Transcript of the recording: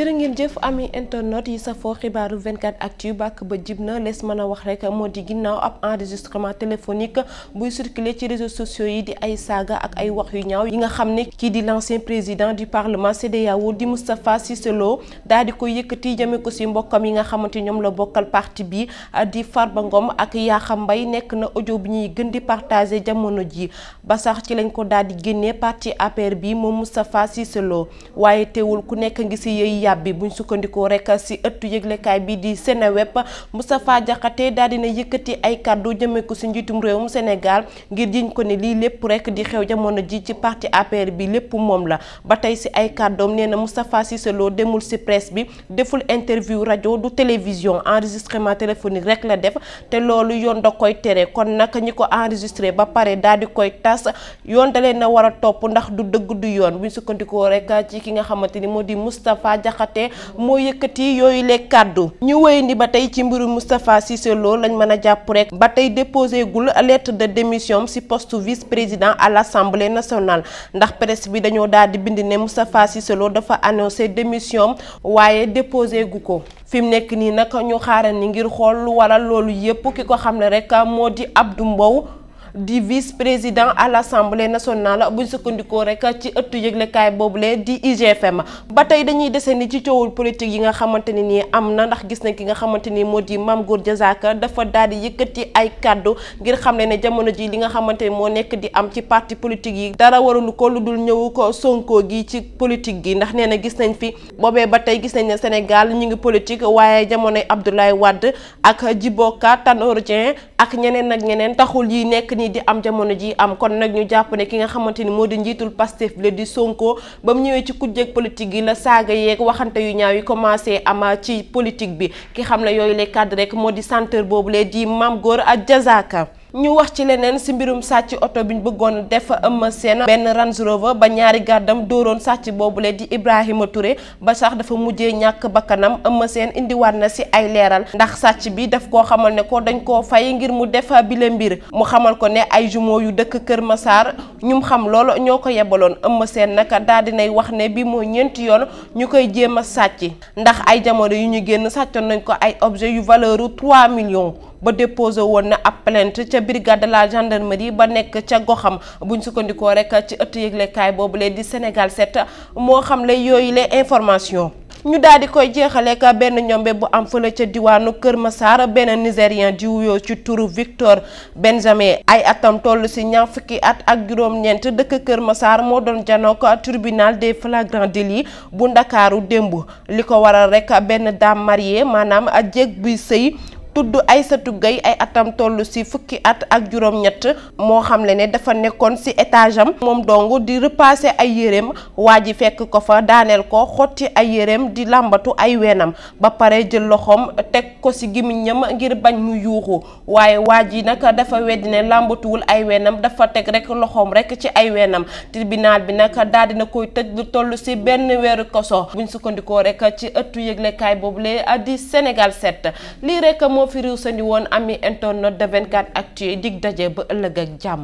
jërë ngeen jëf ami internet yi safoo xibaaru 24 actu bàkk ba jib na lees mën a wax rek moo di ginnaaw ab enregistrement téléphonique buy circuler ci réseaux sociaux yi di ay saaga ak ay wax yu ñaaw yi nga xam ne kii di l'ancien président du parlement CEDEAO di Moustapha Cissé Lo daal di ko yëkkati jëme ko si mbokkam yi nga xamante ñoom la bokkal parti bi di Farba Ngom ak Yakham Mbaye nekk na audio bi ñuy gën di partager jamono ji ba sax ci lañ ko daal di génnee parti APR bi moom Moustapha Cissé yàbbi buñ sukkandikoo rek si ëttu yëglekaay bi di Seneweb Moustapha Diakhaté daal dina yëkkati ay kàddu jëmee ko si njiitum réewum Sénégal ngir jiñ ko ne lii lépp rek di xew jamono ji ci parti APR bi lépp moom la ba tey si ay kàddoom nee na Moustapha Cissé Lo demul si presse bi deful interview rajo du télévision enregistrement téléphonique rek la def te loolu yoon da koy tere kon nag ñi ko enregistré ba pare daal di koy tas yoon da leen a topp Diakhaté moo yëkkati yooyu le kàddu ñu wéy ni ba tey ci mbiru Moustapha Cissé Lo lañ mën a jàpp rek ba tey déposé gul lettre de démission ci poste vice président à l'Assemblée nationale ndax presse bi dañoo daal di bind ne Moustapha Cissé Lo dafa annoncé démission waaye déposé gu ko fi mu nekk nii nag ñu xaaran ni ngir xool wala loolu yépp ki ko xam ne rek moo di Abdou Mbow di vice-président à l'Assemblée nationale buñ sukkandikoo rek ci ëttu yëglekaay boobule di IGFM ba tey dañuy dese ni ci coowul politique yi nga xamante ne nii am na ndax gis nañ ki nga xamante ni moo di Mame Gor Diazaka dafa daal di yëkkati ay kàddu ngir xam ne ne jamono ji li nga xamante ni moo nekk di am ci parti politique yi dara warulu ko lu dul ñëw ko Sonko gi ci politique gi ndax nee na gis nañ fi boobee ba tey gis nañ ne Sénégal ñu ngi politique waaye jamonoy Abdoulaye Wade ak Djibo Ka Tanor ak ñeneen ak ñeneen taxul yi nekk nii di am jamono ji am kon nag ñu jàpp ne ki nga xamante ni moo di njiitul Pastef la di Sonko ba mu ñëwee ci kujjeeg politique gi la saaga yeeg waxante yu ñaaw yi commencé ama ci politique bi ki xam ne yooyu les cadres rek moo di centre boobu lee di Mame Gor ak Diazaka ñu wax ci leneen si mbirum sàcc oto bi ñu bëggoon def Eumeu seen benn Range Rover ba ñaari gardam dóoroon sàcc boobu boobule di Ibrahima ture ba sax dafa mujje ñàkk bakkanam Eumeu seen indiwaat na si ay leeral ndax sàcc bi daf koo xamal ne ko dañ koo fay ngir mu def bile mbir mu xamal ko ne ay jumeaux yu dëkk Kër masaar ñu xam lool ñoo ko yebaloon Eumeu seen naka daal dinay wax ne bi mooy ñeenti yoon ñu koy jéem a sàcc ndax ay jamono yu ñu génn sàccoon nañ ko ay objet yu valeur u 3 ba déposé woon na ab plainte ca brigade de la gendarmerie ba nekk ca goxam buñ sukkandikoo rek ci ëtt yëglekaay boobu lee di Sénégal 7 moo xam la yooyu les informations. ñu daal di koy jeexaleek benn ñombe bu am fële ca diwaanu Kër Massar benn Nigérien di wuyoo ci turu Victor Benjamin ay atam toll si ñaam fukki at ak juróom-ñeent dëkk Kër masaar moo doon janook tribunal des flagrants délits bu ndakaaru démb li ko waral rek benn dame mariée maanaam jéeg buy sëy tudd Aysatu Gay ay atam toll ci fukki at ak juróom-ñett moo xam le ne dafa nekkoon ci étage moom dong di repassé ay yéreem waa ji fekk ko fa daaneel ko xotti ay yéreem di làmbatu ay weenam ba pare jël loxoom teg ko ci gémmiñam ngir bañ mu yuuxu waaye waa ji nag dafa weddi ne làmbatuwul ay weenam dafa teg rek loxoom rek ci ay weenam tribunal bi nag daal dina koy tëj lu toll ci benn weeru koso buñ sukkandikoo rek ci ëttu yëglekaay boobu lee di Sénégal 7 moo fi sa ni woon ami internet de ak actu dig daje ba ëllëg ak jàmm